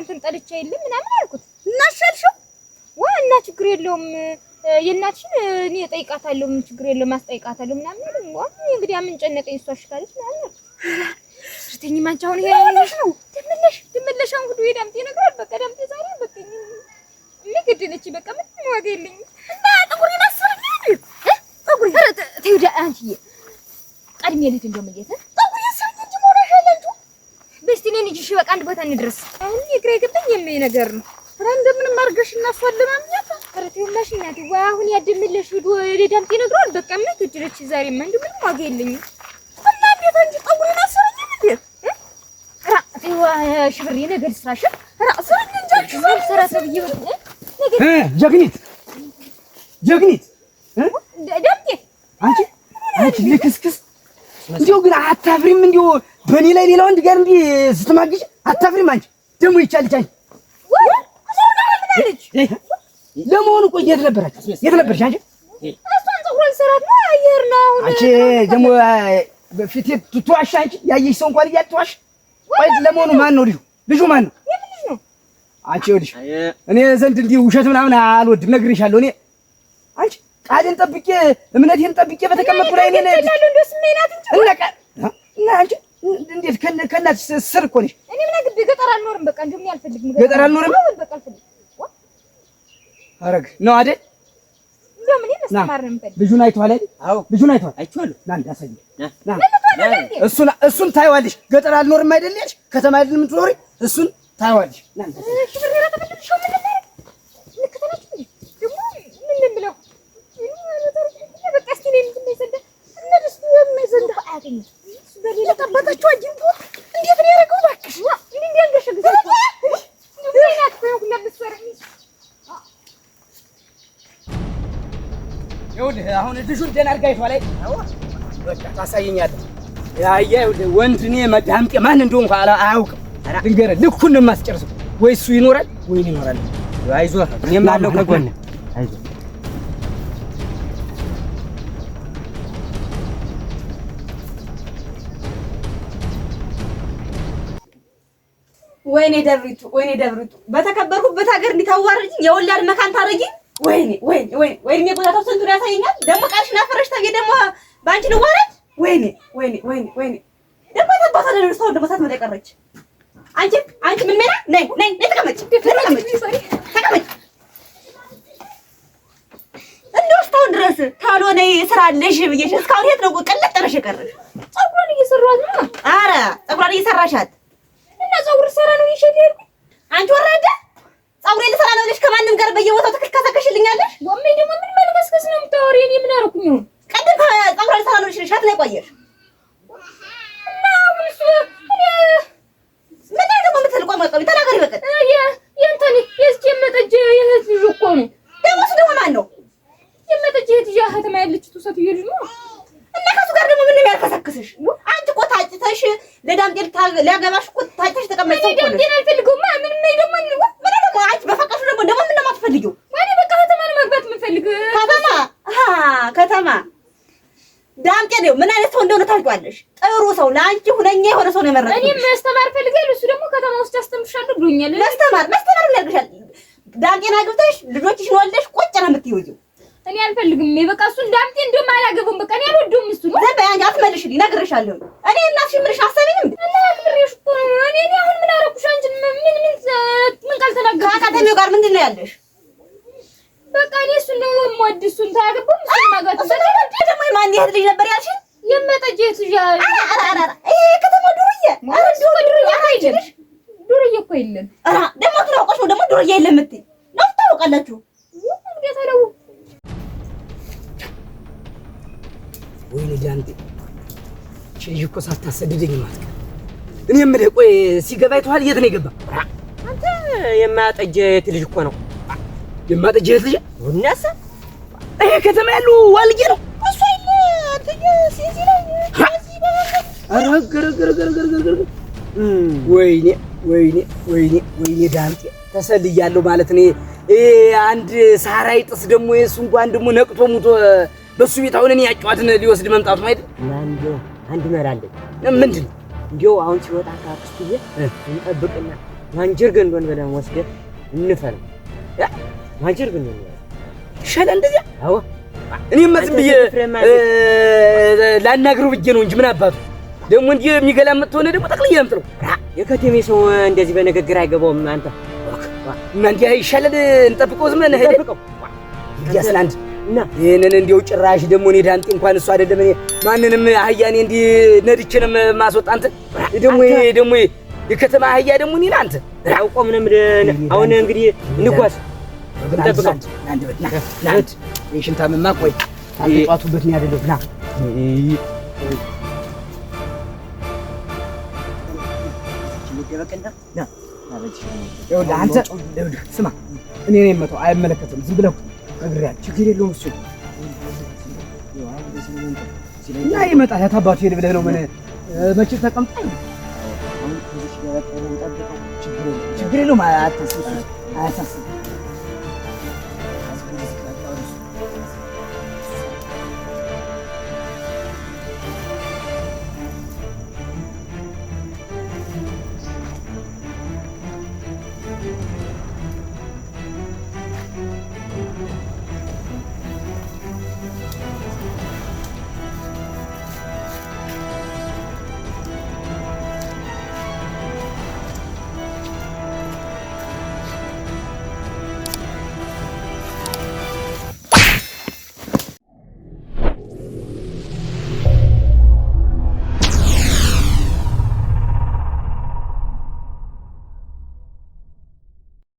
አንተን ጠልቻ የለም ምናምን አልኩት። እናሻልሽው ዋ እና ችግር የለውም የእናትሽን እኔ እጠይቃታለሁ፣ ምን ችግር የለውም አስጠይቃታለሁ ምናምን አለኝ። ዋ እንግዲህ ምን ጨነቀኝ እሷ እሺ ካለች ምናምን አልኩት። ስርተኝ ማንቻ አሁን ይሄ ያለሽ ነው ትምለሽ ትምለሽ አሁን ሁሉ ዳምጤ ይነግራል። በቃ ዳምጤ ዛሬ በቃ ምን ገደለች በቃ ምን ዋጋ የለኝም እና ጥቁር ይናስርኝ እ ጥቁር ኧረ ተይዳ አንቺዬ ቀድሜ ልት እንደምየተ ጥቁር ይሰኝ እንጂ ሞራሽ አለንቱ በስቲ ነን ልጅሽ በቃ አንድ ቦታ እንድረስ ግብኝ የሚል ነገር ነው። ኧረ እንደምንም አድርገሽ እናሷን ለማምኛት ኧረ ተይውላሽ እናቴ ዋ አሁን ያደምለሽ ሂዶ ለዳምጤ ነግሯል። በቃ ምን ትድረች ዛሬማ እንደው ምንም ዋጋ የለኝም እና እንዴት አንቺ ጠጉሬን አሰረኝ እንዴት ራ ተይዋ ሽብሬ ነገር ስራሽ ራ ስራኝ እንጂ አንቺ ስራ ሰብዬ ነገር ጀግኒት ጀግኒት ዳምጤ አንቺ አንቺ ልክስክስ እንዲያው ግን አታፍሪም? እንዲያው በእኔ ላይ ሌላ ወንድ ጋር እንዲህ ስትማግሽ አታፍሪም አንቺ ደግሞ ይቻልቻል። ለመሆኑ ቆይ የት ነበራችሁ? የት ነበርሽ አንቺ? እሷን ፀጉሯን ሰራት ነው አየር ነው አሁን። አንቺ ደግሞ በፊት ትዋሽ አንቺ ያየሽ ሰው እንኳን እያትዋሽ። ቆይ ለመሆኑ ማን ነው ልጁ? ልጁ ማን ነው? አንቺ ይኸውልሽ፣ እኔ ዘንድ እንዲህ ውሸት ምናምን አልወድም፣ ነግሬሻለሁ። እኔ አንቺ ቃልን ጠብቄ እምነቴን ጠብቄ በተቀመጥኩ ላይ እኔ እና አንቺ እንዴት ከእናትሽ ስር እኮ ነሽ አልኖርም። በቃ እንደውም አልፈልግም። ገጠር አልኖርም። በቃ አልፈልግም። አረግ ነው አይደል? ልጁን አይተዋል አይደል? ልጁን አይተዋል። አይቼዋለሁ። ና እንዳሳይ እሱን እሱን ታይዋለሽ። ገጠር አልኖርም አይደል ያልሽ? ከተማ አይደል የምትኖሪ? እሱን ታይዋለሽ። ና እንዴት ነው ያደረገው? እባክሽ ይኸውልህ አሁን ልጁን ደህና አድርጋ ይቷ ላይ ታሳየኛለህ። ያያ ወንድ እኔ መዳምጤ ማን እንደሆንኩ አያውቅም። ድንገረህ ልኩን ነው የማስጨርሰው። ወይ እሱ ይኖራል ወይ እኔ ይኖራል። አይዞህ እኔም አለው ከጎን አይዞህ ወይኔ ደብሪቱ፣ ወይኔ ደብሪቱ፣ በተከበርኩበት ሀገር እንዲታዋርጅኝ የወላድ መካን ታረጊኝ ወይኔ ወይኔ ወይኔ ወይኔ ያሳየኛል። ደግሞ ሰው ደግሞ ሳትመጣ የቀረች አንቺ አንቺ ምን ድረስ ካልሆነ ስራ አለሽ ብዬሽ እስካሁን የት ነው ቀለጥ ብለሽ የቀረሽ? ፀጉሯን እየሰራሻት እና ፀጉር ሰራ ነው ይሸሽ አንቺ ወራዳ ፀጉሬን ልሰራ ነው ብለሽ ከማንም ጋር በየቦታው ትክክል ሊያገባሽ እኮ ታጭተሽ ተቀመጭ። ምን አልፈልገውም። ምን ምን ደግሞ ምን ደግሞ አንቺ በፈቀድሽ ደግሞ ደግሞ ምን ደግሞ አትፈልጊው። ወዲ በቃ ከተማ ነው መግባት የምፈልግ። ከተማ አ ከተማ ዳምጤ ነው። ምን አይነት ሰው እንደሆነ ታውቂዋለሽ። ጥሩ ሰው፣ ለአንቺ ሁነኛ የሆነ ሰው ነው የመረጥኩት። እኔ ማስተማር ፈልጋለሁ፣ እሱ ደግሞ ከተማ ውስጥ ያስተምርሻል ብሎኛል። ማስተማር ማስተማር ያደርግሻል። ዳምጤና ግብተሽ ልጆችሽን ወልደሽ ቁጭ ነው የምትይዙ እኔ አልፈልግም። እኔ በቃ እሱ እንዳምጤ እንደውም አላገቡም። በቃ እኔ አልወደውም። እሱ ነው ዘበ ያንቺ አትመልሽልኝ፣ እነግርሻለሁ። እኔ እናትሽ ምልሽ አሰብኝም እና ምሬሽ እኮ እኔ እኔ አሁን ምን አደረኩሽ? አንቺ ምን ምን ምን ቃል ተናገርኩ? ከአካዳሚው ጋር ምንድን ነው ያለሽ? በቃ እኔ እሱ ነው የምወድ። እሱን ታያገቡም እሱ ማጋጥ እሱ ነው ወድ ደግሞ ማን ይሄድ ልጅ ነበር ያልሽኝ? የመጠጀ እዚህ ያ አራ አራ አራ ይሄ ከተማ ዱርዬ አረ ዱርዬ እኮ የለም ዱርዬ እኮ የለም። አራ ደግሞ ትራውቀሽ ነው ደግሞ ዱርዬ የለም እምትይ ነው ታውቃላችሁ ልጅ እኮ ሳታሰድደኝ ማትቀር። እኔ የምልህ ቆይ ሲገባ አይተኸዋል? የት ነው የገባ? አንተ የማያጠጀ የት ልጅ እኮ ነው የማጠጀ የት ልጅ ወናሰ ይሄ ከተማ ያሉ ዋልጌ ነው እሱ አይደል? አንተ ሲዚ ላይ አረግ ረግ ረግ ረግ ረግ ረግ ወይኔ ወይኔ ወይኔ ወይኔ ዳምጤ ተሰልያለሁ ማለት ነው። እኔ አንድ ሳራይ ጥስ ደግሞ የሱ እንኳን ደግሞ ነቅቶ ሙቶ በሱ ቤት አሁን እኔ ያጫዋትን ሊወስድ መምጣቱ አይደል? አንድ መላለች ምንድን ነው እንዲው አሁን ሲወጣ ከአክስትዬ እንጠብቅና ማንጀር ገንዶን ብለን ወስደን እንፈል ማንጀር ገንዶን ይሻላል። እንደዚያ አዎ፣ እኔም ዝም ብዬ ላናግረው ብዬ ነው እንጂ ምን አባቱ ደግሞ እንዲህ የሚገላመጥ ሆነ ደግሞ ጠቅልዬ አምጥለው የከተሜ ሰው እንደዚህ በንግግር አይገባውም። አንተ እንዲህ ይሻላል። እንጠብቀው ዝም ብለን ሄደን ይያስላንድ እና ይህንን እንዲው ጭራሽ ደግሞ እኔ ዳንጤ እንኳን እሱ አይደለም እኔ ማንንም አህያ እኔ እንዲህ ነድቼንም ማስወጣ አንተ ደግሞ ደግሞ የከተማ አህያ ደግሞ እኔን አንተ አውቆ ምንም አሁን እንግዲህ እንጓዝ እንጠብቀው። ሽንታምማ ቆይ ጧቱበት ያደለው ና ይኸውልህ አንተ ስማ እኔ ነው የመጣው አይመለከትም ዝም ብለው ነግሬያለሁ። ችግር የለውም እሱ እና ይመጣል። ያታባቱ ሄድ ብለህ ነው ምን መቼ ተቀምጠን ችግር የለውም አያሳስብም።